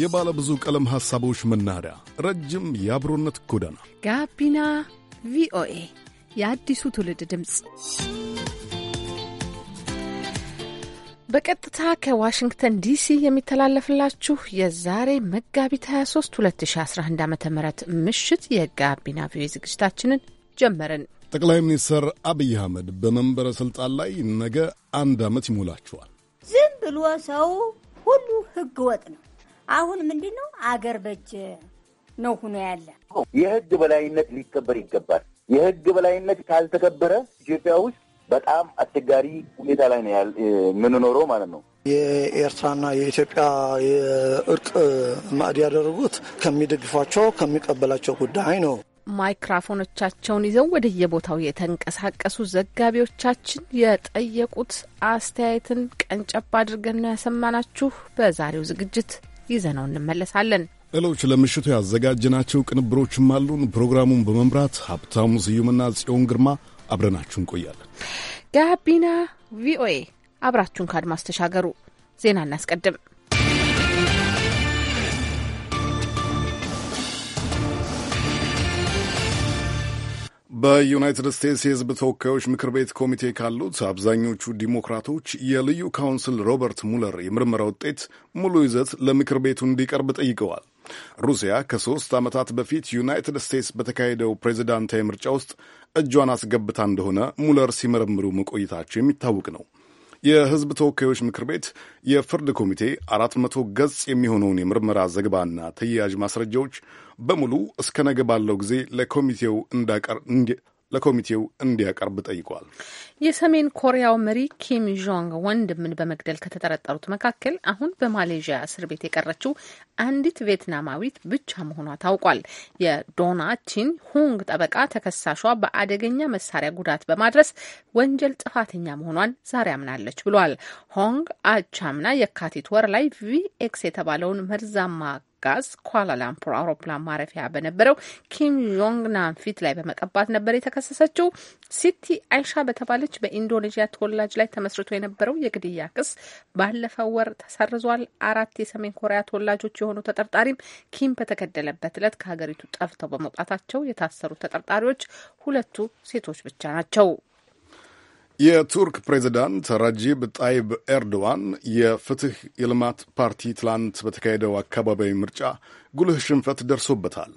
የባለ ብዙ ቀለም ሐሳቦች መናኸሪያ፣ ረጅም የአብሮነት ጎዳና ጋቢና ቪኦኤ የአዲሱ ትውልድ ድምፅ በቀጥታ ከዋሽንግተን ዲሲ የሚተላለፍላችሁ የዛሬ መጋቢት 23 2011 ዓ ም ምሽት የጋቢና ቪኦኤ ዝግጅታችንን ጀመርን። ጠቅላይ ሚኒስትር አብይ አህመድ በመንበረ ሥልጣን ላይ ነገ አንድ ዓመት ይሞላቸዋል። ዝም ብሎ ሰው ሁሉ ህግ ወጥ ነው። አሁን ምንድን ነው አገር በጀ ነው ሁኖ ያለ የህግ በላይነት ሊከበር ይገባል። የህግ በላይነት ካልተከበረ ኢትዮጵያ ውስጥ በጣም አስቸጋሪ ሁኔታ ላይ ነው የምንኖረው ማለት ነው። የኤርትራና የኢትዮጵያ የእርቅ ማዕድ ያደረጉት ከሚደግፏቸው ከሚቀበላቸው ጉዳይ ነው። ማይክራፎኖቻቸውን ይዘው ወደየቦታው የተንቀሳቀሱ ዘጋቢዎቻችን የጠየቁት አስተያየትን ቀንጨብ አድርገን ያሰማናችሁ። በዛሬው ዝግጅት ይዘነው እንመለሳለን። ሌሎች ለምሽቱ ያዘጋጅናቸው ቅንብሮችም አሉን። ፕሮግራሙን በመምራት ሀብታሙ ስዩምና ጽዮን ግርማ አብረናችሁ እንቆያለን። ጋቢና ቪኦኤ አብራችሁን ከአድማስ ተሻገሩ። ዜና እናስቀድም። በዩናይትድ ስቴትስ የሕዝብ ተወካዮች ምክር ቤት ኮሚቴ ካሉት አብዛኞቹ ዲሞክራቶች የልዩ ካውንስል ሮበርት ሙለር የምርመራ ውጤት ሙሉ ይዘት ለምክር ቤቱ እንዲቀርብ ጠይቀዋል። ሩሲያ ከሦስት ዓመታት በፊት ዩናይትድ ስቴትስ በተካሄደው ፕሬዚዳንታዊ ምርጫ ውስጥ እጇን አስገብታ እንደሆነ ሙለር ሲመረምሩ መቆየታቸው የሚታወቅ ነው። የህዝብ ተወካዮች ምክር ቤት የፍርድ ኮሚቴ አራት መቶ ገጽ የሚሆነውን የምርመራ ዘገባና ተያያዥ ማስረጃዎች በሙሉ እስከ ነገ ባለው ጊዜ ለኮሚቴው እንዳቀር። ለኮሚቴው እንዲያቀርብ ጠይቋል። የሰሜን ኮሪያው መሪ ኪም ጆንግ ወንድምን በመግደል ከተጠረጠሩት መካከል አሁን በማሌዥያ እስር ቤት የቀረችው አንዲት ቪየትናማዊት ብቻ መሆኗ ታውቋል። የዶና ቺን ሁንግ ጠበቃ ተከሳሿ በአደገኛ መሳሪያ ጉዳት በማድረስ ወንጀል ጥፋተኛ መሆኗን ዛሬ አምናለች ብሏል። ሆንግ አቻምና የካቲት ወር ላይ ቪኤክስ የተባለውን መርዛማ ጋዝ ኳላላምፖር አውሮፕላን ማረፊያ በነበረው ኪም ዮንግናም ፊት ላይ በመቀባት ነበር የተከሰሰችው። ሲቲ አይሻ በተባለች በኢንዶኔዥያ ተወላጅ ላይ ተመስርቶ የነበረው የግድያ ክስ ባለፈው ወር ተሰርዟል። አራት የሰሜን ኮሪያ ተወላጆች የሆኑ ተጠርጣሪም ኪም በተገደለበት ዕለት ከሀገሪቱ ጠፍተው በመውጣታቸው የታሰሩ ተጠርጣሪዎች ሁለቱ ሴቶች ብቻ ናቸው። የቱርክ ፕሬዚዳንት ረጂብ ጣይብ ኤርዶዋን የፍትህ የልማት ፓርቲ ትላንት በተካሄደው አካባቢያዊ ምርጫ ጉልህ ሽንፈት ደርሶበታል።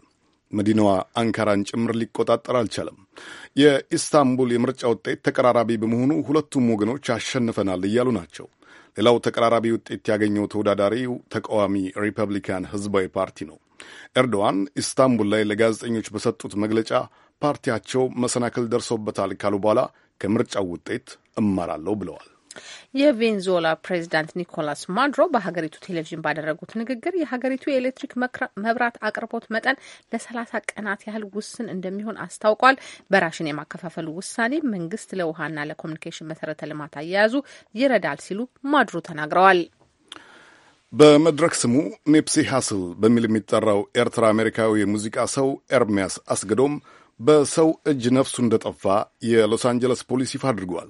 መዲናዋ አንካራን ጭምር ሊቆጣጠር አልቻለም። የኢስታንቡል የምርጫ ውጤት ተቀራራቢ በመሆኑ ሁለቱም ወገኖች አሸንፈናል እያሉ ናቸው። ሌላው ተቀራራቢ ውጤት ያገኘው ተወዳዳሪው ተቃዋሚ ሪፐብሊካን ህዝባዊ ፓርቲ ነው። ኤርዶዋን ኢስታንቡል ላይ ለጋዜጠኞች በሰጡት መግለጫ ፓርቲያቸው መሰናክል ደርሶበታል ካሉ በኋላ ከምርጫው ውጤት እማራለሁ ብለዋል። የቬንዙዌላ ፕሬዚዳንት ኒኮላስ ማዱሮ በሀገሪቱ ቴሌቪዥን ባደረጉት ንግግር የሀገሪቱ የኤሌክትሪክ መብራት አቅርቦት መጠን ለሰላሳ ቀናት ያህል ውስን እንደሚሆን አስታውቋል። በራሽን የማከፋፈሉ ውሳኔ መንግስት ለውሃና ለኮሚኒኬሽን መሰረተ ልማት አያያዙ ይረዳል ሲሉ ማድሮ ተናግረዋል። በመድረክ ስሙ ኔፕሲ ሃስል በሚል የሚጠራው ኤርትራ አሜሪካዊ የሙዚቃ ሰው ኤርሚያስ አስገዶም በሰው እጅ ነፍሱ እንደጠፋ የሎስ አንጀለስ ፖሊስ ይፋ አድርጓል።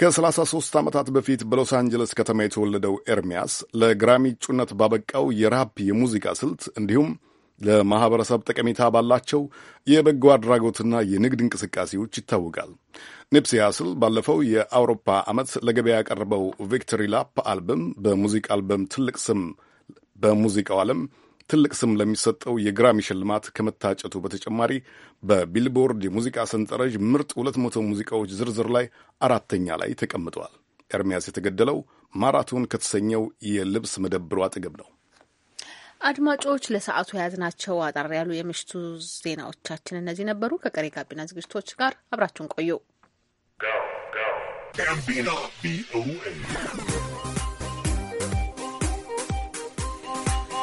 ከ33 ዓመታት በፊት በሎስ አንጀለስ ከተማ የተወለደው ኤርሚያስ ለግራሚ እጩነት ባበቃው የራፕ የሙዚቃ ስልት እንዲሁም ለማኅበረሰብ ጠቀሜታ ባላቸው የበጎ አድራጎትና የንግድ እንቅስቃሴዎች ይታወቃል። ኒፕሲ ሃስል ባለፈው የአውሮፓ ዓመት ለገበያ ያቀረበው ቪክቶሪ ላፕ አልበም በሙዚቃ አልበም ትልቅ ስም በሙዚቃው ዓለም ትልቅ ስም ለሚሰጠው የግራሚ ሽልማት ከመታጨቱ በተጨማሪ በቢልቦርድ የሙዚቃ ሰንጠረዥ ምርጥ 200 ሙዚቃዎች ዝርዝር ላይ አራተኛ ላይ ተቀምጠዋል። ኤርሚያስ የተገደለው ማራቶን ከተሰኘው የልብስ መደብሩ አጠገብ ነው። አድማጮች፣ ለሰዓቱ የያዝናቸው አጠር ያሉ የምሽቱ ዜናዎቻችን እነዚህ ነበሩ። ከቀሪ ጋቢና ዝግጅቶች ጋር አብራችሁን ቆዩ።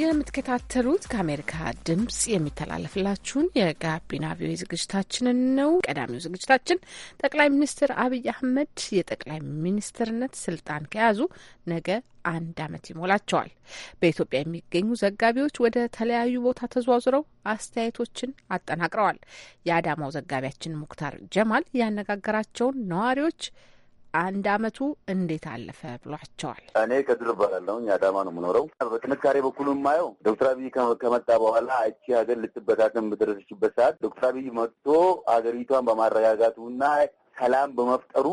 የምትከታተሉት ከአሜሪካ ድምጽ የሚተላለፍላችሁን የጋቢና ቪኦኤ ዝግጅታችንን ነው። ቀዳሚው ዝግጅታችን ጠቅላይ ሚኒስትር አብይ አህመድ የጠቅላይ ሚኒስትርነት ስልጣን ከያዙ ነገ አንድ ዓመት ይሞላቸዋል። በኢትዮጵያ የሚገኙ ዘጋቢዎች ወደ ተለያዩ ቦታ ተዘዋዝረው አስተያየቶችን አጠናቅረዋል። የአዳማው ዘጋቢያችን ሙክታር ጀማል ያነጋገራቸውን ነዋሪዎች አንድ አመቱ እንዴት አለፈ ብሏቸዋል። እኔ ከድር እባላለሁ። አዳማ ነው የምኖረው። በጥንካሬ በኩል የማየው ዶክተር አብይ ከመጣ በኋላ እቺ ሀገር ልትበታተን በደረሰችበት ሰዓት ዶክተር አብይ መጥቶ ሀገሪቷን በማረጋጋቱና ሰላም በመፍጠሩ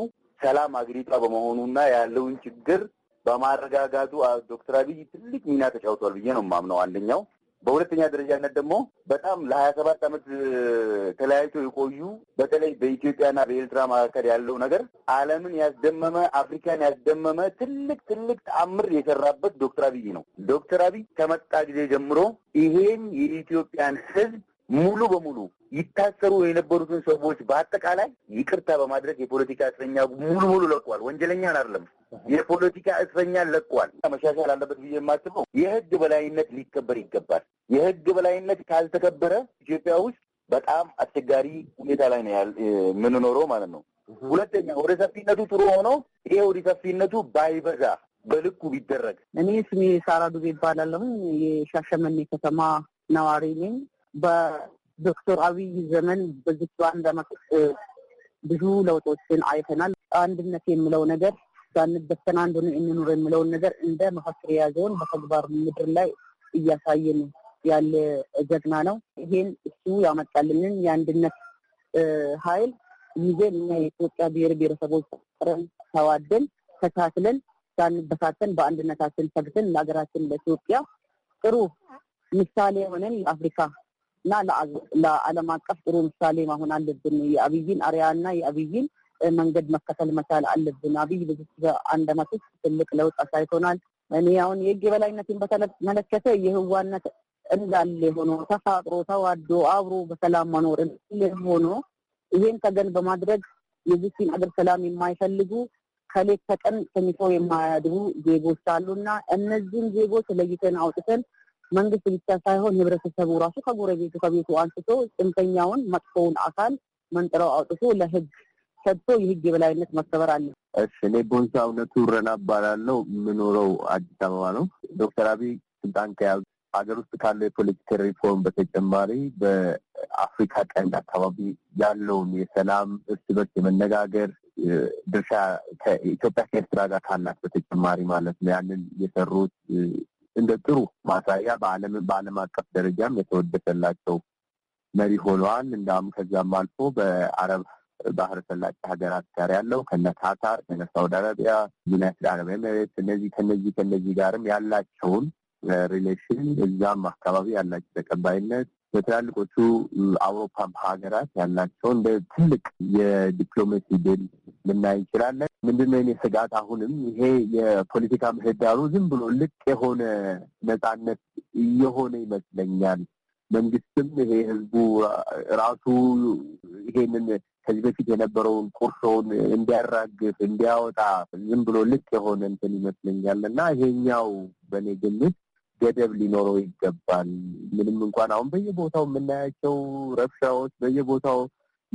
ሰላም ሀገሪቷ በመሆኑና ያለውን ችግር በማረጋጋቱ ዶክተር አብይ ትልቅ ሚና ተጫውቷል ብዬ ነው የማምነው። አንደኛው በሁለተኛ ደረጃነት ደግሞ በጣም ለሀያ ሰባት ዓመት ተለያይቶ የቆዩ በተለይ በኢትዮጵያና በኤርትራ መካከል ያለው ነገር ዓለምን ያስደመመ አፍሪካን ያስደመመ ትልቅ ትልቅ ተአምር የሰራበት ዶክተር አብይ ነው። ዶክተር አብይ ከመጣ ጊዜ ጀምሮ ይሄን የኢትዮጵያን ሕዝብ ሙሉ በሙሉ ይታሰሩ የነበሩትን ሰዎች በአጠቃላይ ይቅርታ በማድረግ የፖለቲካ እስረኛ ሙሉ ሙሉ ለቋል። ወንጀለኛን አይደለም የፖለቲካ እስረኛ ለቋል። መሻሻል አለበት ብዬ የማስበው የህግ በላይነት ሊከበር ይገባል። የህግ በላይነት ካልተከበረ ኢትዮጵያ ውስጥ በጣም አስቸጋሪ ሁኔታ ላይ ነው የምንኖረው ማለት ነው። ሁለተኛ ወደ ሰፊነቱ ጥሩ ሆኖ ይሄ ወደ ሰፊነቱ ባይበዛ በልኩ ቢደረግ። እኔ ስሜ ሳራ ዱቤ ይባላለሁ። የሻሸመኔ ከተማ ነዋሪ ነኝ። በዶክተር አብይ ዘመን በዚህ ብዙ ለውጦችን አይተናል። አንድነት የምለው ነገር ሳንበተን አንድ ሆነን እንኑር የሚለውን ነገር እንደ መፈክር የያዘውን በተግባር ምድር ላይ እያሳየን ያለ ጀግና ነው። ይሄን እሱ ያመጣልንን የአንድነት ኃይል ይዘን እኛ የኢትዮጵያ ብሔር ብሔረሰቦች ጥረን ተዋደን ተካትለን ሳንበታተን በአንድነታችን ሰግተን ለሀገራችን ለኢትዮጵያ ጥሩ ምሳሌ የሆነን ለአፍሪካ እና ለዓለም አቀፍ ጥሩ ምሳሌ መሆን አለብን። የአብይን አርያና የአብይን መንገድ መከተል መቻል አለብን። አብይ ብዙ አንድ ትልቅ ለውጥ አሳይቶናል። እኔ አሁን የህግ የበላይነትን በተመለከተ የህዋነት እንዳለ ሆኖ ተፋቅሮ ተዋዶ አብሮ በሰላም መኖር እንዳለ ሆኖ ይሄን ተገን በማድረግ የዚህን አገር ሰላም የማይፈልጉ ከሌት ተቀን ተኝቶ የማያድሩ ዜጎች አሉና እነዚህም ዜጎች ለይተን አውጥተን መንግስት ብቻ ሳይሆን ህብረተሰቡ ራሱ ከጎረቤቱ ከቤቱ አንስቶ ጽንፈኛውን መጥፎውን አካል መንጥረው አውጥቶ ለህግ ሰጥቶ የህግ የበላይነት መከበር አለ። እሺ፣ እኔ ቦንሳ እውነቱ ረና እባላለሁ። የምኖረው አዲስ አበባ ነው። ዶክተር አብይ ስልጣን ከያዙ ሀገር ውስጥ ካለው የፖለቲካ ሪፎርም በተጨማሪ በአፍሪካ ቀንድ አካባቢ ያለውን የሰላም እርስ በርስ የመነጋገር ድርሻ ከኢትዮጵያ ከኤርትራ ጋር ካላት በተጨማሪ ማለት ነው ያንን የሰሩት እንደ ጥሩ ማሳያ በዓለም አቀፍ ደረጃም የተወደሰላቸው መሪ ሆነዋል። እንዳውም ከዚያም አልፎ በአረብ ባህር ሰላጤ ሀገራት ጋር ያለው ከነ ካታር፣ ከነ ሳውዲ አረቢያ፣ ዩናይትድ አረብ ኤምሬት እነዚህ ከነዚህ ከነዚህ ጋርም ያላቸውን ሪሌሽን እዛም አካባቢ ያላቸው ተቀባይነት በትላልቆቹ አውሮፓ ሀገራት ያላቸው እንደ ትልቅ የዲፕሎማሲ ድል ልናይ እንችላለን። ምንድነው የኔ ስጋት? አሁንም ይሄ የፖለቲካ ምህዳሩ ዝም ብሎ ልቅ የሆነ ነጻነት እየሆነ ይመስለኛል። መንግስትም ይሄ ህዝቡ ራሱ ይሄንን ከዚህ በፊት የነበረውን ቁርሾውን እንዲያራግፍ እንዲያወጣ ዝም ብሎ ልክ የሆነ እንትን ይመስለኛል እና ይሄኛው በእኔ ግምት ገደብ ሊኖረው ይገባል። ምንም እንኳን አሁን በየቦታው የምናያቸው ረብሻዎች፣ በየቦታው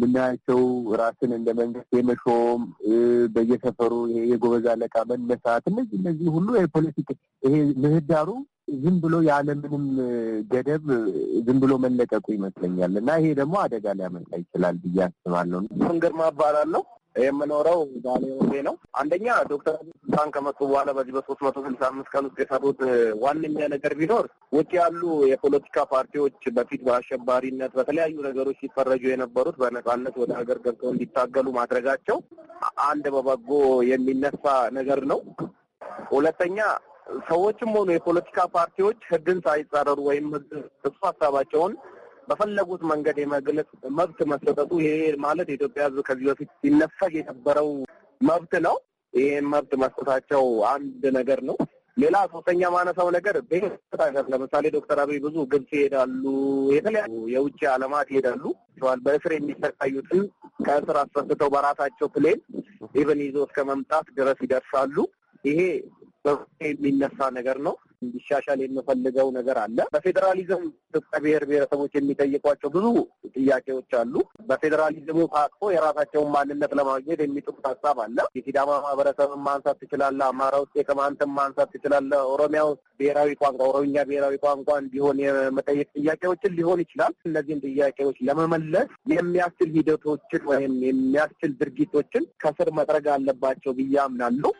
የምናያቸው ራስን እንደ መንግስት የመሾም በየሰፈሩ ይሄ የጎበዝ አለቃ መነሳት፣ እነዚህ እነዚህ ሁሉ የፖለቲካ ይሄ ምህዳሩ ዝም ብሎ ያለምንም ገደብ ዝም ብሎ መለቀቁ ይመስለኛል እና ይሄ ደግሞ አደጋ ሊያመጣ ይችላል ብዬ አስባለሁ። ስሜ ግርማ የምኖረው ባሌ ወሴ ነው። አንደኛ ዶክተር ስልጣን ከመጡ በኋላ በዚህ በሶስት መቶ ስልሳ አምስት ቀን ውስጥ የሰሩት ዋነኛ ነገር ቢኖር ውጭ ያሉ የፖለቲካ ፓርቲዎች በፊት በአሸባሪነት በተለያዩ ነገሮች ሲፈረጁ የነበሩት በነፃነት ወደ ሀገር ገብተው እንዲታገሉ ማድረጋቸው አንድ በበጎ የሚነሳ ነገር ነው። ሁለተኛ ሰዎችም ሆኑ የፖለቲካ ፓርቲዎች ህግን ሳይጻረሩ ወይም ህግ እሱ ሀሳባቸውን በፈለጉት መንገድ የመግለጽ መብት መሰጠቱ ይሄ ማለት የኢትዮጵያ ህዝብ ከዚህ በፊት ሲነፈግ የነበረው መብት ነው። ይህን መብት መስጠታቸው አንድ ነገር ነው። ሌላ ሶስተኛ ማነሳው ነገር ቤት ለምሳሌ ዶክተር አብይ ብዙ ግብጽ ይሄዳሉ፣ የተለያዩ የውጭ አለማት ይሄዳሉ። በእስር የሚሰቃዩትን ከእስር አስፈትተው በራሳቸው ፕሌን ኢቨን ይዞ እስከ መምጣት ድረስ ይደርሳሉ። ይሄ የሚነሳ ነገር ነው። እንዲሻሻል የምፈልገው ነገር አለ። በፌዴራሊዝም ኢትዮጵያ ብሔር ብሔረሰቦች የሚጠይቋቸው ብዙ ጥያቄዎች አሉ። በፌዴራሊዝሙ ታቅፎ የራሳቸውን ማንነት ለማግኘት የሚጥሩት ሀሳብ አለ። የሲዳማ ማህበረሰብን ማንሳት ትችላለ። አማራ ውስጥ የቅማንትን ማንሳት ትችላለ። ኦሮሚያ ውስጥ ብሔራዊ ቋንቋ ኦሮምኛ ብሔራዊ ቋንቋ እንዲሆን የመጠየቅ ጥያቄዎችን ሊሆን ይችላል። እነዚህን ጥያቄዎች ለመመለስ የሚያስችል ሂደቶችን ወይም የሚያስችል ድርጊቶችን ከስር መጥረግ አለባቸው ብዬ አምናለሁ።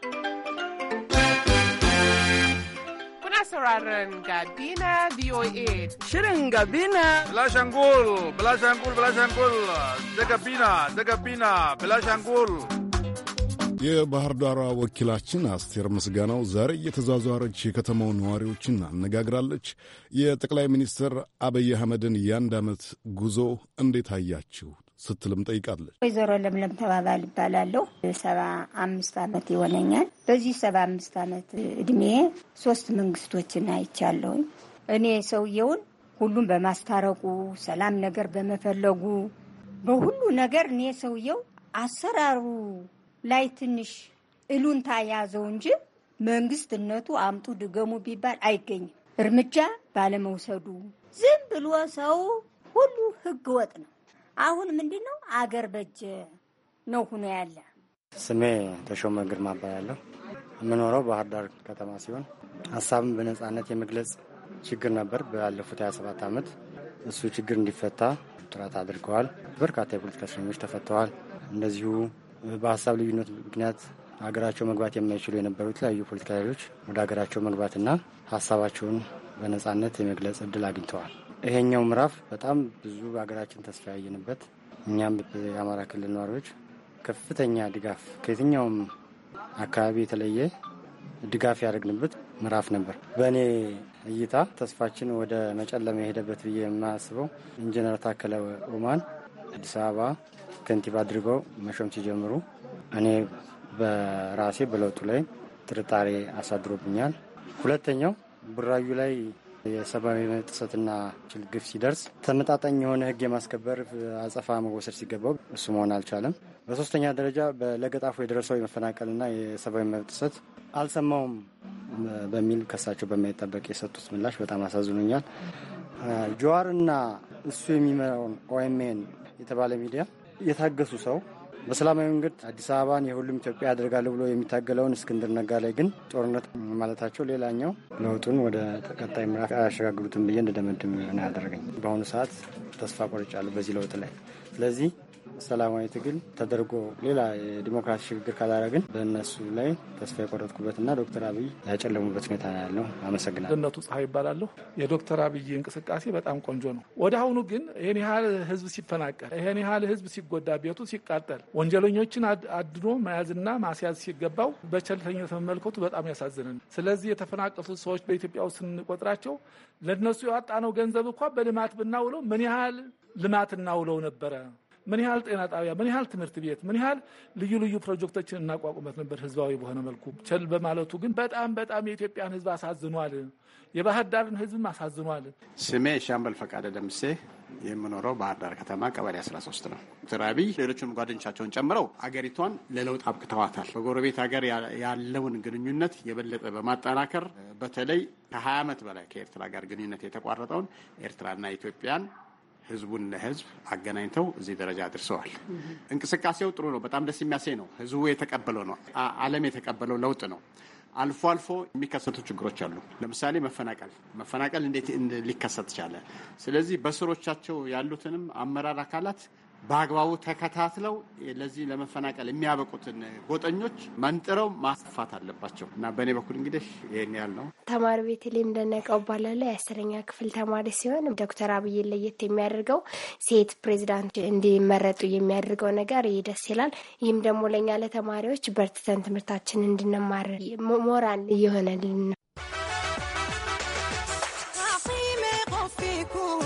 sauraron Gabina VOA. Shirin Gabina. Bilashangul, Bilashangul, Bilashangul, da Gabina, da Gabina, Bilashangul. የባህር ዳሯ ወኪላችን አስቴር ምስጋናው ዛሬ እየተዟዟረች የከተማው ነዋሪዎችን አነጋግራለች። የጠቅላይ ሚኒስትር አብይ አህመድን የአንድ ዓመት ጉዞ እንዴት አያችሁ ስትልም ጠይቃለች። ወይዘሮ ለምለም ተባባል ይባላለሁ። ሰባ አምስት ዓመት ይሆነኛል። በዚህ ሰባ አምስት ዓመት እድሜ ሶስት መንግስቶችን አይቻለሁ። እኔ ሰውየውን ሁሉም በማስታረቁ ሰላም ነገር በመፈለጉ በሁሉ ነገር እኔ ሰውየው አሰራሩ ላይ ትንሽ እሉንታ ያዘው እንጂ መንግስትነቱ አምጡ ድገሙ ቢባል አይገኝም። እርምጃ ባለመውሰዱ ዝም ብሎ ሰው ሁሉ ህግ ወጥ ነው። አሁን ምንድን ነው አገር በጅ ነው ሁኖ ያለ። ስሜ ተሾመ ግርማ እባላለሁ። የምኖረው ባህር ዳር ከተማ ሲሆን ሀሳብን በነጻነት የመግለጽ ችግር ነበር ባለፉት 27 ዓመት። እሱ ችግር እንዲፈታ ጥረት አድርገዋል። በርካታ የፖለቲካ እስረኞች ተፈተዋል። እንደዚሁ በሀሳብ ልዩነት ምክንያት ሀገራቸው መግባት የማይችሉ የነበሩ የተለያዩ ፖለቲካ ኃይሎች ወደ ሀገራቸው መግባትና ሀሳባቸውን በነጻነት የመግለጽ እድል አግኝተዋል። ይሄኛው ምዕራፍ በጣም ብዙ ሀገራችን ተስፋ ያየንበት እኛም የአማራ ክልል ነዋሪዎች ከፍተኛ ድጋፍ ከየትኛውም አካባቢ የተለየ ድጋፍ ያደረግንበት ምዕራፍ ነበር። በእኔ እይታ ተስፋችን ወደ መጨለመ የሄደበት ብዬ የማስበው ኢንጂነር ታከለ ኡማን አዲስ አበባ ከንቲባ አድርገው መሾም ሲጀምሩ እኔ በራሴ በለውጡ ላይ ጥርጣሬ አሳድሮብኛል። ሁለተኛው ቡራዩ ላይ መብት ጥሰትና ግፍ ሲደርስ ተመጣጣኝ የሆነ ህግ የማስከበር አጸፋ መወሰድ ሲገባው እሱ መሆን አልቻለም። በሶስተኛ ደረጃ በለገጣፎ የደረሰው የመፈናቀልና የሰብአዊ መብት ጥሰት አልሰማውም በሚል ከሳቸው በማይጠበቅ የሰጡት ምላሽ በጣም አሳዝኖኛል። ጀዋርና እሱ የሚመራውን ኦኤምኤን የተባለ ሚዲያ የታገሱ ሰው በሰላማዊ መንገድ አዲስ አበባን የሁሉም ኢትዮጵያ ያደርጋሉ ብሎ የሚታገለውን እስክንድር ነጋ ላይ ግን ጦርነት ማለታቸው ሌላኛው ለውጡን ወደ ተቀጣይ ምዕራፍ አያሸጋግሩትም ብዬ እንደደመድም ነው ያደረገኝ። በአሁኑ ሰዓት ተስፋ ቆርጫለሁ በዚህ ለውጥ ላይ። ስለዚህ ሰላማዊ ትግል ተደርጎ ሌላ የዲሞክራሲ ሽግግር ካላረግን በእነሱ ላይ ተስፋ የቆረጥኩበትና ዶክተር አብይ ያጨለሙበት ሁኔታ ነው ያለው። አመሰግናል። ገነቱ ፀሐይ ይባላለሁ። የዶክተር አብይ እንቅስቃሴ በጣም ቆንጆ ነው። ወደ አሁኑ ግን ይህን ያህል ህዝብ ሲፈናቀል፣ ይህን ያህል ህዝብ ሲጎዳ፣ ቤቱ ሲቃጠል፣ ወንጀለኞችን አድኖ መያዝና ማስያዝ ሲገባው በቸልተኛ መመልከቱ በጣም ያሳዝንን። ስለዚህ የተፈናቀሉት ሰዎች በኢትዮጵያ ውስጥ ስንቆጥራቸው ለእነሱ ያወጣነው ገንዘብ እንኳ በልማት ብናውለው ምን ያህል ልማት እናውለው ነበረ ምን ያህል ጤና ጣቢያ፣ ምን ያህል ትምህርት ቤት፣ ምን ያህል ልዩ ልዩ ፕሮጀክቶችን እናቋቁመት ነበር። ህዝባዊ በሆነ መልኩ ቸል በማለቱ ግን በጣም በጣም የኢትዮጵያን ህዝብ አሳዝኗል። የባህር ዳርን ህዝብም አሳዝኗል። ስሜ ሻምበል ፈቃደ ደምሴ የምኖረው ባህር ዳር ከተማ ቀበሌ 13 ነው። ትራቢ ሌሎችም ጓደኞቻቸውን ጨምረው አገሪቷን ለለውጥ አብቅተዋታል። በጎረቤት ሀገር ያለውን ግንኙነት የበለጠ በማጠናከር በተለይ ከ20 ዓመት በላይ ከኤርትራ ጋር ግንኙነት የተቋረጠውን ኤርትራና ኢትዮጵያን ህዝቡን ለህዝብ አገናኝተው እዚህ ደረጃ አድርሰዋል። እንቅስቃሴው ጥሩ ነው። በጣም ደስ የሚያሴ ነው። ህዝቡ የተቀበለው ነው። ዓለም የተቀበለው ለውጥ ነው። አልፎ አልፎ የሚከሰቱ ችግሮች አሉ። ለምሳሌ መፈናቀል መፈናቀል እንዴት ሊከሰት ቻለ? ስለዚህ በስሮቻቸው ያሉትንም አመራር አካላት በአግባቡ ተከታትለው ለዚህ ለመፈናቀል የሚያበቁትን ጎጠኞች መንጥረው ማስፋት አለባቸው እና በእኔ በኩል እንግዲህ ይህን ያል ነው። ተማሪ ቤተልሔም ደነቀው እባላለሁ። የአስረኛ ክፍል ተማሪ ሲሆን ዶክተር አብይ ለየት የሚያደርገው ሴት ፕሬዚዳንት እንዲመረጡ የሚያደርገው ነገር ይህ ደስ ይላል። ይህም ደግሞ ለእኛ ለተማሪዎች በርትተን ትምህርታችን እንድንማር ሞራል እየሆነልን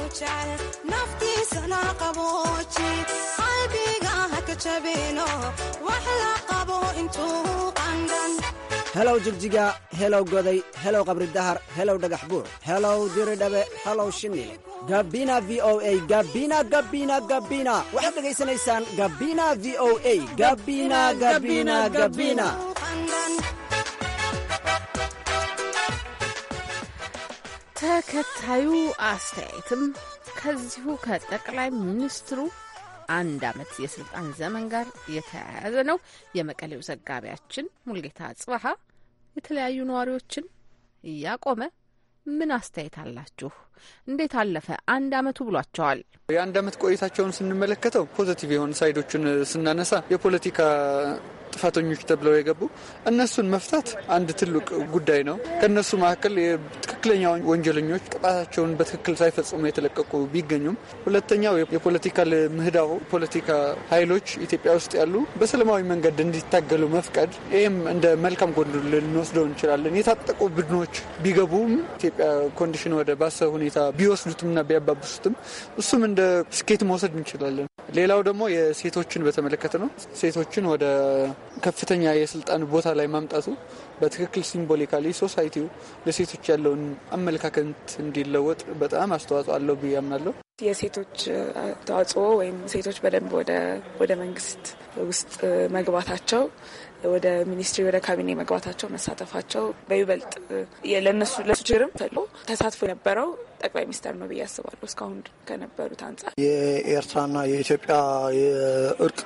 helow jigjiga helow goday helow qabridahar helow dhagax buur helow diridhabe helow shimil gabina v o a gabina gabina gabina waxaad dhegaysanaysaan gabina v o a gabina gabina gabina ተከታዩ አስተያየትም ከዚሁ ከጠቅላይ ሚኒስትሩ አንድ አመት የስልጣን ዘመን ጋር የተያያዘ ነው። የመቀሌው ዘጋቢያችን ሙልጌታ ጽባሀ የተለያዩ ነዋሪዎችን እያቆመ ምን አስተያየት አላችሁ? እንዴት አለፈ አንድ አመቱ ብሏቸዋል። የአንድ አመት ቆይታቸውን ስንመለከተው ፖዘቲቭ የሆኑ ሳይዶችን ስናነሳ የፖለቲካ ጥፋተኞች ተብለው የገቡ እነሱን መፍታት አንድ ትልቅ ጉዳይ ነው። ከእነሱ መካከል ትክክለኛ ወንጀለኞች ቅጣታቸውን በትክክል ሳይፈጽሙ የተለቀቁ ቢገኙም፣ ሁለተኛው የፖለቲካ ምህዳው ፖለቲካ ኃይሎች ኢትዮጵያ ውስጥ ያሉ በሰላማዊ መንገድ እንዲታገሉ መፍቀድ፣ ይህም እንደ መልካም ጎን ልንወስደው እንችላለን። የታጠቁ ቡድኖች ቢገቡም ኢትዮጵያ ኮንዲሽን ወደ ባሰ ሁኔታ ቢወስዱትምና ቢያባብሱትም እሱም እንደ ስኬት መውሰድ እንችላለን። ሌላው ደግሞ የሴቶችን በተመለከተ ነው። ሴቶችን ወደ ከፍተኛ የስልጣን ቦታ ላይ ማምጣቱ በትክክል ሲምቦሊካሊ ሶሳይቲው ለሴቶች ያለውን አመለካከት እንዲለወጥ በጣም አስተዋጽኦ አለው ብዬ አምናለሁ። የሴቶች ተዋጽኦ ወይም ሴቶች በደንብ ወደ መንግስት ውስጥ መግባታቸው ወደ ሚኒስትሪ ወደ ካቢኔ መግባታቸው መሳተፋቸው በይበልጥ ለነሱ ለሱ ችግርም ተሎ ተሳትፎ የነበረው ጠቅላይ ሚኒስትር ነው ብዬ አስባለሁ። እስካሁን ከነበሩት አንጻር የኤርትራና የኢትዮጵያ የእርቅ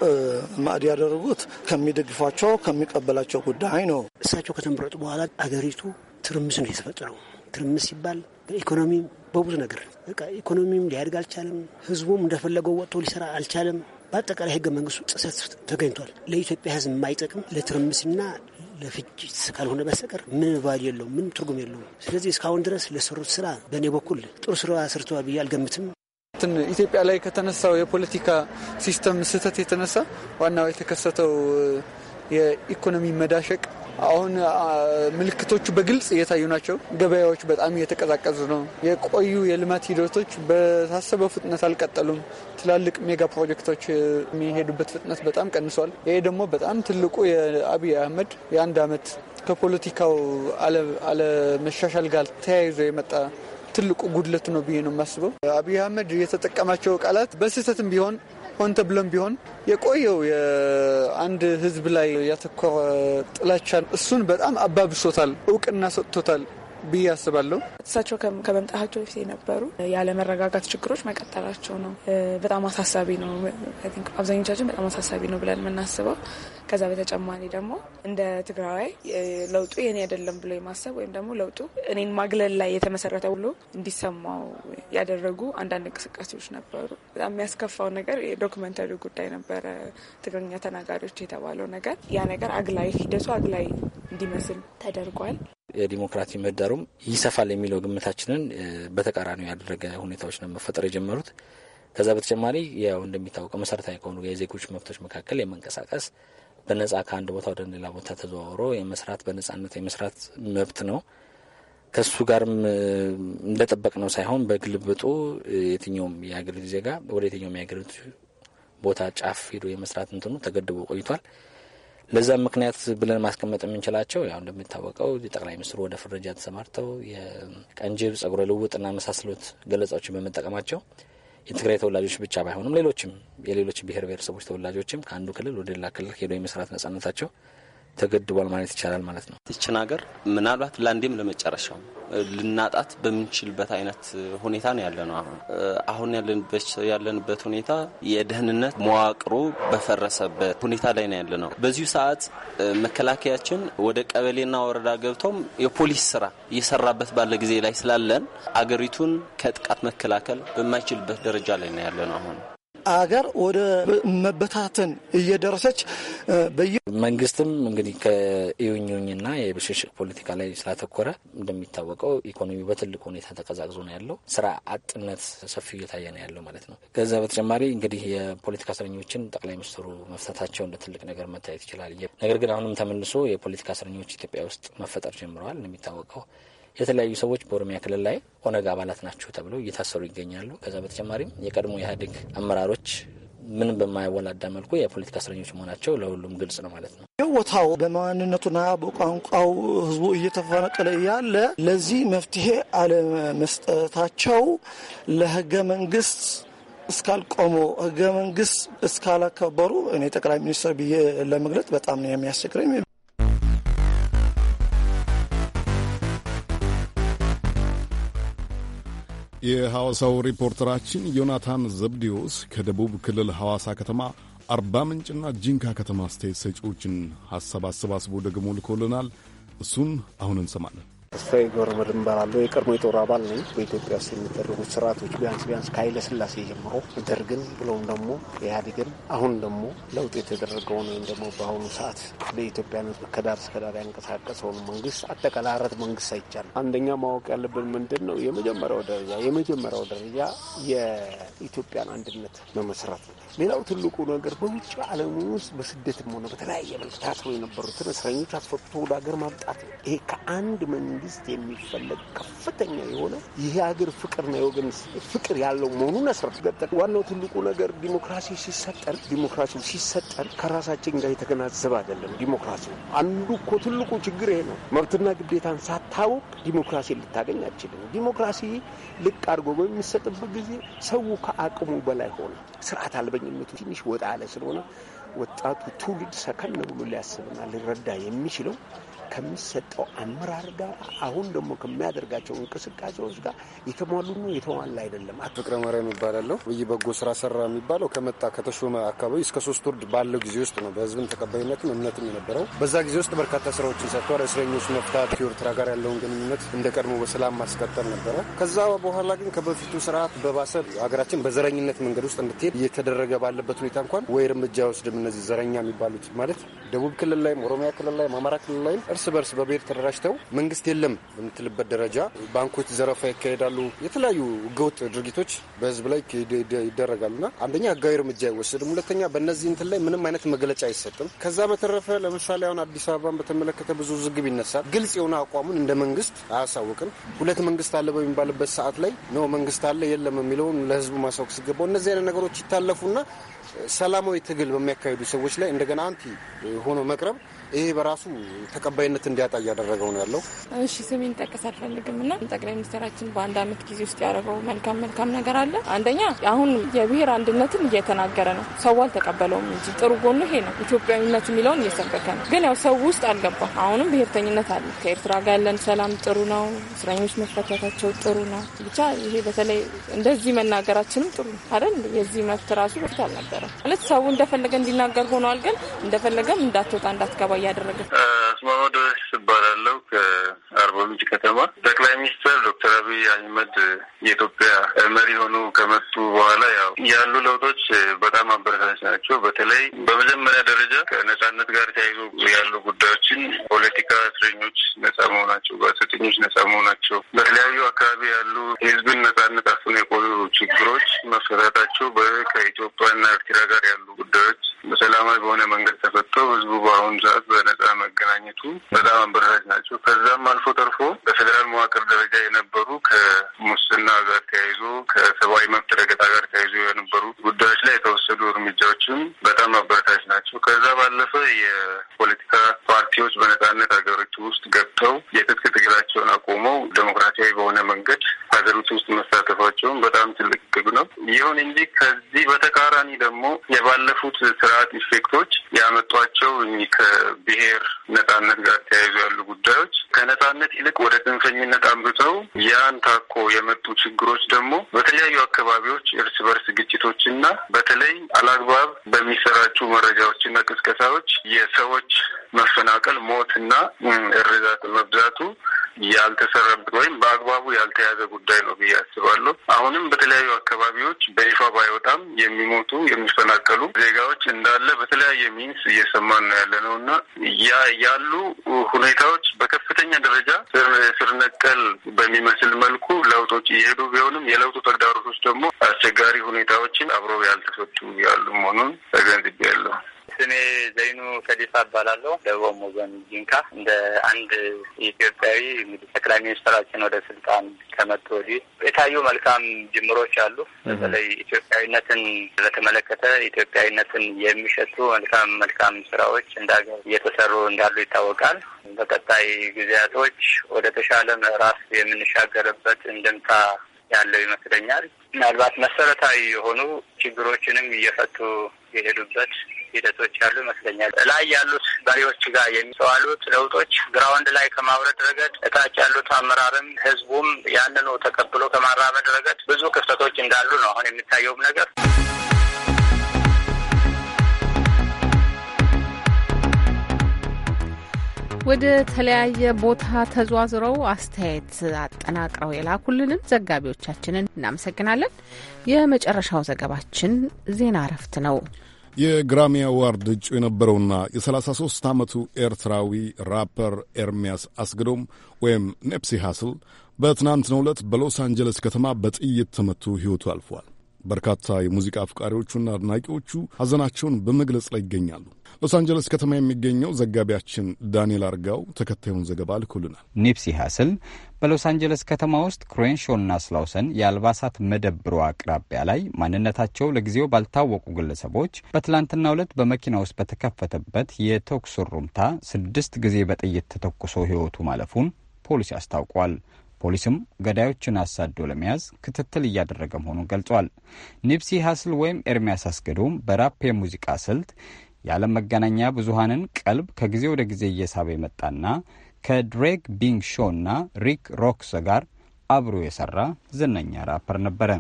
ማዕድ ያደረጉት ከሚደግፏቸው ከሚቀበላቸው ጉዳይ ነው። እሳቸው ከተመረጡ በኋላ አገሪቱ ትርምስ ነው የተፈጠረው። ትርምስ ሲባል ኢኮኖሚ በብዙ ነገር ኢኮኖሚም ሊያድግ አልቻለም። ህዝቡም እንደፈለገው ወጥቶ ሊሰራ አልቻለም። በአጠቃላይ ህገ መንግስቱ ጥሰት ተገኝቷል። ለኢትዮጵያ ህዝብ የማይጠቅም ለትርምስና ለፍጅት ካልሆነ በስተቀር ምን ቫል የለውም፣ ምን ትርጉም የለውም። ስለዚህ እስካሁን ድረስ ለሰሩት ስራ በእኔ በኩል ጥሩ ስራ ሰርተዋል ብዬ አልገምትም። ኢትዮጵያ ላይ ከተነሳው የፖለቲካ ሲስተም ስህተት የተነሳ ዋናው የተከሰተው የኢኮኖሚ መዳሸቅ አሁን ምልክቶቹ በግልጽ እየታዩ ናቸው። ገበያዎች በጣም እየተቀዛቀዙ ነው። የቆዩ የልማት ሂደቶች በታሰበው ፍጥነት አልቀጠሉም። ትላልቅ ሜጋ ፕሮጀክቶች የሚሄዱበት ፍጥነት በጣም ቀንሷል። ይሄ ደግሞ በጣም ትልቁ የአብይ አህመድ የአንድ ዓመት ከፖለቲካው አለመሻሻል ጋር ተያይዞ የመጣ ትልቁ ጉድለት ነው ብዬ ነው የማስበው። አብይ አህመድ የተጠቀማቸው ቃላት በስህተትም ቢሆን ሆን ተብሎም ቢሆን የቆየው የአንድ ህዝብ ላይ ያተኮረ ጥላቻ እሱን በጣም አባብሶታል፣ እውቅና ሰጥቶታል። ብዬ አስባለሁ። እሳቸው ከመምጣታቸው በፊት የነበሩ ያለመረጋጋት ችግሮች መቀጠላቸው ነው። በጣም አሳሳቢ ነው። አብዛኞቻችን በጣም አሳሳቢ ነው ብለን የምናስበው። ከዛ በተጨማሪ ደግሞ እንደ ትግራዋይ ለውጡ የኔ አይደለም ብሎ የማሰብ ወይም ደግሞ ለውጡ እኔን ማግለል ላይ የተመሰረተ ብሎ እንዲሰማው ያደረጉ አንዳንድ እንቅስቃሴዎች ነበሩ። በጣም የሚያስከፋው ነገር የዶክመንተሪ ጉዳይ ነበረ። ትግርኛ ተናጋሪዎች የተባለው ነገር ያ ነገር አግላይ ሂደቱ አግላይ እንዲመስል ተደርጓል። የዲሞክራሲ ምህዳሩም ይሰፋል የሚለው ግምታችንን በተቃራኒው ያደረገ ሁኔታዎች ነው መፈጠር የጀመሩት። ከዛ በተጨማሪ ያው እንደሚታወቀው መሰረታዊ ከሆኑ የዜጎች መብቶች መካከል የመንቀሳቀስ በነጻ ከአንድ ቦታ ወደ ሌላ ቦታ ተዘዋውሮ የመስራት በነጻነት የመስራት መብት ነው። ከሱ ጋርም እንደጠበቅ ነው ሳይሆን በግልብጡ የትኛውም የሀገሪቱ ዜጋ ወደ የትኛውም የሀገሪቱ ቦታ ጫፍ ሄዶ የመስራት እንትኑ ተገድቦ ቆይቷል። ለዛም ምክንያት ብለን ማስቀመጥ የምንችላቸው ያው እንደሚታወቀው ጠቅላይ ሚኒስትሩ ወደ ፍረጃ ተሰማርተው የቀንጅብ ጸጉረ ልውጥና መሳሰሉት ገለጻዎችን በመጠቀማቸው የትግራይ ተወላጆች ብቻ ባይሆኑም ሌሎችም የሌሎች ብሔር ብሔረሰቦች ተወላጆችም ከአንዱ ክልል ወደ ሌላ ክልል ሄዶ የመስራት ነጻነታቸው ተገድቧል ማለት ይቻላል ማለት ነው። ይችን ሀገር ምናልባት ለአንዴም ለመጨረሻው ልናጣት በምንችልበት አይነት ሁኔታ ነው ያለ ነው። አሁን አሁን ያለንበት ሁኔታ የደህንነት መዋቅሩ በፈረሰበት ሁኔታ ላይ ነው ያለ ነው። በዚሁ ሰዓት መከላከያችን ወደ ቀበሌና ወረዳ ገብቶም የፖሊስ ስራ እየሰራበት ባለ ጊዜ ላይ ስላለን አገሪቱን ከጥቃት መከላከል በማይችልበት ደረጃ ላይ ነው ያለ ነው አሁን አገር ወደ መበታተን እየደረሰች መንግስትም እንግዲህ ከኢዩኝኝና የብሽሽቅ ፖለቲካ ላይ ስላተኮረ እንደሚታወቀው ኢኮኖሚው በትልቅ ሁኔታ ተቀዛቅዞ ነው ያለው። ስራ አጥነት ሰፊው እየታየ ነው ያለው ማለት ነው። ከዛ በተጨማሪ እንግዲህ የፖለቲካ እስረኞችን ጠቅላይ ሚኒስትሩ መፍታታቸው እንደ ትልቅ ነገር መታየት ይችላል። ነገር ግን አሁንም ተመልሶ የፖለቲካ እስረኞች ኢትዮጵያ ውስጥ መፈጠር ጀምረዋል እንደሚታወቀው የተለያዩ ሰዎች በኦሮሚያ ክልል ላይ ኦነግ አባላት ናቸው ተብለው እየታሰሩ ይገኛሉ። ከዛ በተጨማሪም የቀድሞ ኢህአዴግ አመራሮች ምንም በማያወላዳ መልኩ የፖለቲካ እስረኞች መሆናቸው ለሁሉም ግልጽ ነው ማለት ነው። ቦታው በማንነቱና በቋንቋው ህዝቡ እየተፈናቀለ ያለ ለዚህ መፍትሄ አለመስጠታቸው ለህገ መንግስት እስካልቆሙ ህገ መንግስት እስካላከበሩ እኔ ጠቅላይ ሚኒስትር ብዬ ለመግለጽ በጣም ነው የሚያስቸግረኝ። የሐዋሳው ሪፖርተራችን ዮናታን ዘብዲዎስ ከደቡብ ክልል ሐዋሳ ከተማ አርባ ምንጭና ጂንካ ከተማ አስተያየት ሰጪዎችን ሐሳብ አሰባስቦ ደግሞ ልኮልናል። እሱን አሁን እንሰማለን። ተስፋዬ ገብረ እባላለሁ። የቀድሞ የጦር አባል ነኝ። በኢትዮጵያ ውስጥ የሚደረጉት ስርዓቶች ቢያንስ ቢያንስ ከኃይለ ስላሴ ጀምሮ ደርግን ብለውም ደግሞ ኢህአዴግን አሁን ደግሞ ለውጥ የተደረገውን ወይም ደግሞ በአሁኑ ሰዓት በኢትዮጵያነት ከዳር እስከ ዳር ያንቀሳቀሰውን መንግስት አጠቃላይ አረት መንግስት አይቻልም። አንደኛ ማወቅ ያለብን ምንድን ነው? የመጀመሪያው ደረጃ የመጀመሪያው ደረጃ የኢትዮጵያን አንድነት መመስረት ነው። ሌላው ትልቁ ነገር በውጭ ዓለም ውስጥ በስደትም ሆነ በተለያየ መልክ ታስሮ የነበሩትን እስረኞች አስፈቶ ወደ ሀገር ማምጣት ነው። ይሄ ከአንድ መንግስት የሚፈለግ ከፍተኛ የሆነ ይህ ሀገር ፍቅር ፍቅርና የወገን ፍቅር ያለው መሆኑን ገጠል ዋናው ትልቁ ነገር ዲሞክራሲ ሲሰጠን ዲሞክራሲ ሲሰጠን ከራሳችን ጋር የተገናዘበ አይደለም። ዲሞክራሲው አንዱ እኮ ትልቁ ችግር ይሄ ነው። መብትና ግዴታን ሳታውቅ ዲሞክራሲ ልታገኝ አችልም። ዲሞክራሲ ልቅ አድርጎ በሚሰጥበት ጊዜ ሰው ከአቅሙ በላይ ሆነ ስርዓት አልበ በእርግጠኝነቱ ትንሽ ወጣ ያለ ስለሆነ ወጣቱ ትውልድ ሰከን ብሎ ሊያስብና ሊረዳ የሚችለው ከሚሰጠው አመራር ጋር አሁን ደግሞ ከሚያደርጋቸው እንቅስቃሴዎች ጋር የተሟሉ ነው የተሟላ አይደለም። ፍቅረ ማርያም ይባላለሁ። ይህ በጎ ስራ ሰራ የሚባለው ከመጣ ከተሾመ አካባቢ እስከ ሶስት ወርድ ባለው ጊዜ ውስጥ ነው በህዝብም ተቀባይነትም እምነትም የነበረው። በዛ ጊዜ ውስጥ በርካታ ስራዎችን ሰርተዋል። እስረኞች መፍታት፣ ከኤርትራ ጋር ያለውን ግንኙነት እንደ ቀድሞ በሰላም ማስቀጠል ነበረ። ከዛ በኋላ ግን ከበፊቱ ስርዓት በባሰ ሀገራችን በዘረኝነት መንገድ ውስጥ እንድትሄድ እየተደረገ ባለበት ሁኔታ እንኳን ወይ እርምጃ ወስድም እነዚህ ዘረኛ የሚባሉት ማለት ደቡብ ክልል ላይም ኦሮሚያ ክልል ላይም አማራ ክልል ላይም እርስ በርስ በብሔር ተደራጅተው መንግስት የለም በምትልበት ደረጃ ባንኮች ዘረፋ ይካሄዳሉ። የተለያዩ ህገወጥ ድርጊቶች በህዝብ ላይ ይደረጋሉና አንደኛ ህጋዊ እርምጃ አይወሰድም። ሁለተኛ በእነዚህ እንትን ላይ ምንም አይነት መግለጫ አይሰጥም። ከዛ በተረፈ ለምሳሌ አሁን አዲስ አበባን በተመለከተ ብዙ ዝግብ ይነሳል። ግልጽ የሆነ አቋሙን እንደ መንግስት አያሳውቅም። ሁለት መንግስት አለ በሚባልበት ሰዓት ላይ ነው መንግስት አለ የለም የሚለውን ለህዝቡ ማሳወቅ ሲገባው እነዚህ አይነት ነገሮች ይታለፉና ሰላማዊ ትግል በሚያካሂዱ ሰዎች ላይ እንደገና አንቲ ሆኖ መቅረብ ይሄ በራሱ ተቀባይነት እንዲያጣ እያደረገው ነው ያለው። እሺ ስሜን ጠቀስ አልፈልግም ና ጠቅላይ ሚኒስትራችን በአንድ አመት ጊዜ ውስጥ ያደረገው መልካም መልካም ነገር አለ። አንደኛ አሁን የብሔር አንድነትን እየተናገረ ነው፣ ሰው አልተቀበለውም እንጂ ጥሩ ጎኑ ይሄ ነው። ኢትዮጵያዊነት የሚለውን እየሰበከ ነው፣ ግን ያው ሰው ውስጥ አልገባም። አሁንም ብሔርተኝነት አለ። ከኤርትራ ጋር ያለን ሰላም ጥሩ ነው፣ እስረኞች መፈታታቸው ጥሩ ነው። ብቻ ይሄ በተለይ እንደዚህ መናገራችንም ጥሩ አይደል? የዚህ መብት ራሱ በፊት አልነበረም ማለት ሰው እንደፈለገ እንዲናገር ሆኗል። ግን እንደፈለገም እንዳትወጣ እንዳትገባ እያደረገ? አስማማዶ እባላለሁ ከአርባ ምንጭ ከተማ። ጠቅላይ ሚኒስትር ዶክተር አብይ አህመድ የኢትዮጵያ መሪ ሆኑ ከመጡ በኋላ ያው ያሉ ለውጦች በጣም አበረታች ናቸው። በተለይ በመጀመሪያ ደረጃ ከነጻነት ጋር ተያይዞ ያሉ ጉዳዮችን ፖለቲካ እስረኞች ነጻ መሆናቸው፣ ጋዜጠኞች ነጻ መሆናቸው፣ በተለያዩ አካባቢ ያሉ ህዝብን ነጻነት አፍኖ የቆዩ ችግሮች መፈታታቸው ከኢትዮጵያና ኤርትራ ጋር ያሉ ጉዳዮች በሰላማዊ በሆነ መንገድ ተፈተው ህዝቡ በአሁኑ ሰዓት በነጻ መገናኘቱ በጣም አንበረታች ናቸው። ከዛም አልፎ ተርፎ በፌዴራል መዋቅር ደረጃ የነበሩ ከሙስና ጋር ተያይዞ ከሰብአዊ መብት ረገጣ ጋር ተያይዞ የነበሩ ጉዳዮች ላይ የተወሰዱ እርምጃዎችም በጣም አበረታች ናቸው። ከዛ ባለፈ የፖለቲካ ፓርቲዎች በነጻነት ሀገሪቱ ውስጥ ገብተው የትጥቅ ትግላቸውን አቆመው ዴሞክራሲያዊ በሆነ መንገድ ሀገሪቱ ውስጥ መሳተፋቸውን በጣም ትልቅ ግብ ነው። ይሁን እንጂ ከዚህ በተቃራኒ ደግሞ የባለፉት ስርዓት ኢፌክቶች ያመጧቸው ከብሔር ነጻነት ጋር ተያይዞ ያሉ ጉዳዮች ከነጻነት ይልቅ ወደ ጽንፈኝነት አምብተው ያን ታኮ የመጡ ችግሮች ደግሞ በተለያዩ አካባቢዎች እርስ በርስ ግጭቶችና በተለይ አላግባብ በሚሰራጩ መረጃዎችና ቅስቀሳዎች የሰዎች መፈናቀል፣ ሞት እና እርዛት መብዛቱ ያልተሰራበት ወይም በአግባቡ ያልተያዘ ጉዳይ ነው ብዬ አስባለሁ። አሁንም በተለያዩ አካባቢዎች በይፋ ባይወጣም የሚሞቱ የሚፈናቀሉ ዜጋዎች እንዳለ በተለያየ ሚንስ እየሰማን ነው ያለ ነው እና ያ ያሉ ሁኔታዎች በከፍተኛ ደረጃ ስር ነቀል በሚመስል መልኩ ለውጦች እየሄዱ ቢሆንም የለውጡ ተግዳሮቶች ደግሞ አስቸጋሪ ሁኔታዎችን አብረው ያልተፈቱ ያሉ መሆኑን ተገንዝቤያለሁ። ስሜ ዘይኑ ከዲሳ እባላለሁ። ደቡብ ኦሞ ዞን ጂንካ። እንደ አንድ ኢትዮጵያዊ እንግዲህ ጠቅላይ ሚኒስትራችን ወደ ስልጣን ከመጡ ወዲህ የታዩ መልካም ጅምሮች አሉ። በተለይ ኢትዮጵያዊነትን በተመለከተ ኢትዮጵያዊነትን የሚሸቱ መልካም መልካም ስራዎች እንደ ሀገር እየተሰሩ እንዳሉ ይታወቃል። በቀጣይ ጊዜያቶች ወደ ተሻለ ምዕራፍ የምንሻገርበት እንድምታ ያለው ይመስለኛል። ምናልባት መሰረታዊ የሆኑ ችግሮችንም እየፈቱ የሄዱበት ሂደቶች ያሉ ይመስለኛል። ላይ ያሉት መሪዎች ጋር የሚሰዋሉት ለውጦች ግራውንድ ላይ ከማውረድ ረገድ እታች ያሉት አመራርም ህዝቡም ያንኑ ተቀብሎ ከማራመድ ረገድ ብዙ ክፍተቶች እንዳሉ ነው አሁን የሚታየውም ነገር። ወደ ተለያየ ቦታ ተዟዝረው አስተያየት አጠናቅረው የላኩልንን ዘጋቢዎቻችንን እናመሰግናለን። የመጨረሻው ዘገባችን ዜና እረፍት ነው። የግራሚ አዋርድ እጩ የነበረውና የ33 ዓመቱ ኤርትራዊ ራፐር ኤርሚያስ አስገዶም ወይም ኔፕሲ ሃስል በትናንትናው ዕለት በሎስ አንጀለስ ከተማ በጥይት ተመቶ ሕይወቱ አልፏል። በርካታ የሙዚቃ አፍቃሪዎቹና አድናቂዎቹ ሐዘናቸውን በመግለጽ ላይ ይገኛሉ። ሎስ አንጀለስ ከተማ የሚገኘው ዘጋቢያችን ዳንኤል አርጋው ተከታዩን ዘገባ ልኮልናል። ኒፕሲ ሀስል በሎስ አንጀለስ ከተማ ውስጥ ክሮንሾና ስላውሰን የአልባሳት መደብሮ አቅራቢያ ላይ ማንነታቸው ለጊዜው ባልታወቁ ግለሰቦች በትላንትና ዕለት በመኪና ውስጥ በተከፈተበት የተኩስ ሩምታ ስድስት ጊዜ በጥይት ተተኩሶ ህይወቱ ማለፉን ፖሊስ አስታውቋል። ፖሊስም ገዳዮችን አሳዶ ለመያዝ ክትትል እያደረገ መሆኑን ገልጿል። ኒፕሲ ሀስል ወይም ኤርሚያስ አስገዶም በራፕ የሙዚቃ ስልት የዓለም መገናኛ ብዙሃንን ቀልብ ከጊዜ ወደ ጊዜ እየሳበ የመጣና ከድሬግ ቢንግ ሾ እና ሪክ ሮክስ ጋር አብሮ የሰራ ዝነኛ ራፐር ነበረ።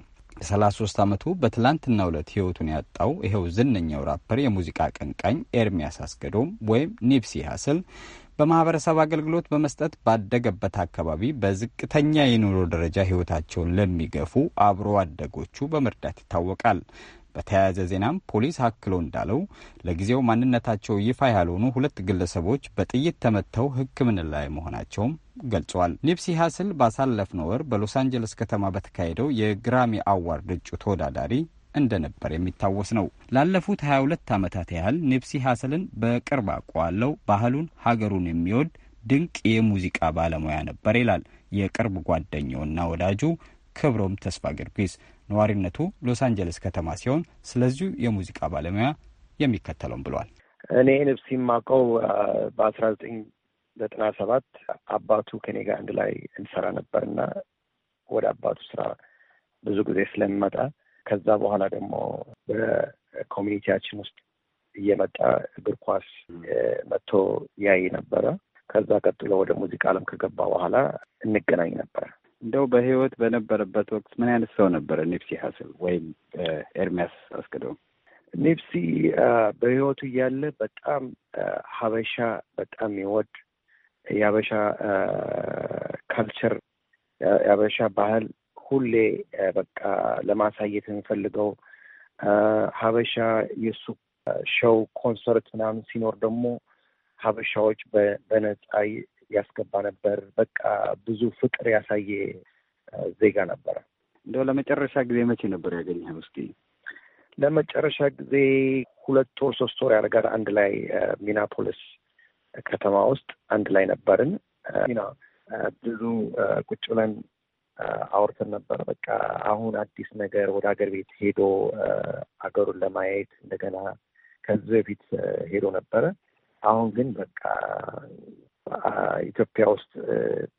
ሶስት ዓመቱ በትላንትና ዕለት ሕይወቱን ያጣው ይኸው ዝነኛው ራፐር የሙዚቃ አቀንቃኝ ኤርሚያስ አስገዶም ወይም ኒፕሲ ሀስል በማህበረሰብ አገልግሎት በመስጠት ባደገበት አካባቢ በዝቅተኛ የኑሮ ደረጃ ሕይወታቸውን ለሚገፉ አብሮ አደጎቹ በመርዳት ይታወቃል። በተያያዘ ዜናም ፖሊስ አክሎ እንዳለው ለጊዜው ማንነታቸው ይፋ ያልሆኑ ሁለት ግለሰቦች በጥይት ተመተው ሕክምና ላይ መሆናቸውም ገልጿል። ኒፕሲ ሀስል ባሳለፍነው ወር በሎስ አንጀለስ ከተማ በተካሄደው የግራሚ አዋርድ እጩ ተወዳዳሪ እንደነበር የሚታወስ ነው። ላለፉት 22 ዓመታት ያህል ኒፕሲ ሀስልን በቅርብ አውቀዋለሁ። ባህሉን፣ ሀገሩን የሚወድ ድንቅ የሙዚቃ ባለሙያ ነበር ይላል የቅርብ ጓደኛውና ወዳጁ ክብሮም ተስፋ ግርጊስ ነዋሪነቱ ሎስ አንጀለስ ከተማ ሲሆን ስለዚሁ የሙዚቃ ባለሙያ የሚከተለውም ብሏል። እኔ ንብሲ ማቀው በአስራ ዘጠኝ ዘጠና ሰባት አባቱ ከኔ ጋር አንድ ላይ እንሰራ ነበር እና ወደ አባቱ ስራ ብዙ ጊዜ ስለሚመጣ ከዛ በኋላ ደግሞ በኮሚኒቲያችን ውስጥ እየመጣ እግር ኳስ መጥቶ ያይ ነበረ። ከዛ ቀጥሎ ወደ ሙዚቃ ዓለም ከገባ በኋላ እንገናኝ ነበረ። እንደው በህይወት በነበረበት ወቅት ምን አይነት ሰው ነበረ ኒፕሲ ሀስል ወይም ኤርሚያስ አስገዶም? ኒፕሲ በህይወቱ እያለ በጣም ሀበሻ በጣም ይወድ የሀበሻ ካልቸር የሀበሻ ባህል ሁሌ በቃ ለማሳየት የሚፈልገው ሀበሻ የእሱ ሸው ኮንሰርት ምናምን ሲኖር ደግሞ ሀበሻዎች በነጻ ያስገባ ነበር። በቃ ብዙ ፍቅር ያሳየ ዜጋ ነበረ። እንደው ለመጨረሻ ጊዜ መቼ ነበር ያገኘኸው? እስኪ ለመጨረሻ ጊዜ ሁለት ወር ሶስት ወር ያደርጋል። አንድ ላይ ሚናፖሊስ ከተማ ውስጥ አንድ ላይ ነበርን። ብዙ ቁጭ ብለን አውርተን ነበር። በቃ አሁን አዲስ ነገር ወደ ሀገር ቤት ሄዶ ሀገሩን ለማየት እንደገና ከዚህ በፊት ሄዶ ነበረ። አሁን ግን በቃ ኢትዮጵያ ውስጥ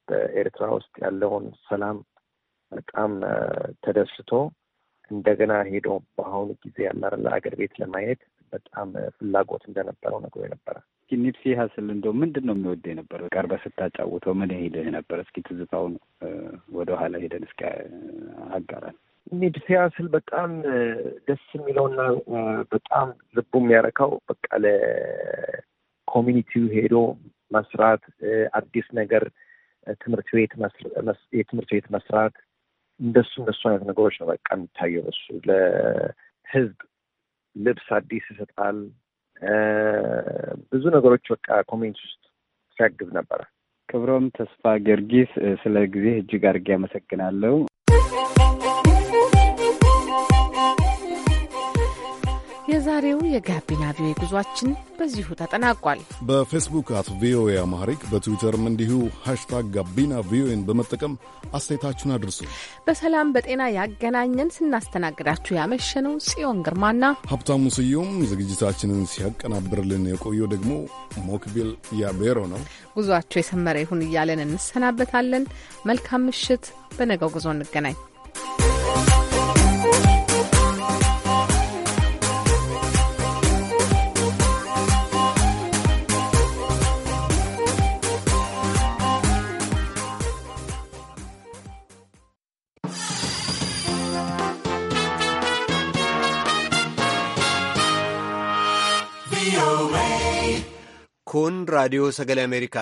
በኤርትራ ውስጥ ያለውን ሰላም በጣም ተደስቶ እንደገና ሄዶ በአሁኑ ጊዜ ያላርላ አገር ቤት ለማየት በጣም ፍላጎት እንደነበረው ነግሮ ነበረ። እስኪ ኒፕሲ ሀስል እንደ ምንድን ነው የሚወደ የነበረ ቀርበህ ስታጫውተው ምን ሄደህ ነበር? እስኪ ትዝታውን ወደኋላ ሄደን እስኪ አጋራል። ኒፕሲ ሀስል በጣም ደስ የሚለውና በጣም ልቡ የሚያረካው በቃ ለኮሚኒቲው ሄዶ መስራት፣ አዲስ ነገር ትምህርት ቤት የትምህርት ቤት መስራት እንደሱ እንደሱ አይነት ነገሮች ነው በቃ የሚታየው። እሱ ለህዝብ ልብስ አዲስ ይሰጣል። ብዙ ነገሮች በቃ ኮሜንት ውስጥ ሲያግዝ ነበረ። ክብሮም ተስፋ ጊዮርጊስ ስለ ጊዜ እጅግ አድርጌ አመሰግናለሁ። የዛሬው የጋቢና ቪኦኤ ጉዟችን በዚሁ ተጠናቋል። በፌስቡክ አት ቪኦኤ አማሪክ በትዊተርም እንዲሁ ሃሽታግ ጋቢና ቪኦኤን በመጠቀም አስተያየታችሁን አድርሱ። በሰላም በጤና ያገናኘን። ስናስተናግዳችሁ ያመሸነው ጽዮን ግርማና ሀብታሙ ስዩም፣ ዝግጅታችንን ሲያቀናብርልን የቆየው ደግሞ ሞክቢል ያቤሮ ነው። ጉዟቸው የሰመረ ይሁን እያለን እንሰናበታለን። መልካም ምሽት። በነገው ጉዞ እንገናኝ። Kun raadiyoo sagalee Ameerikaa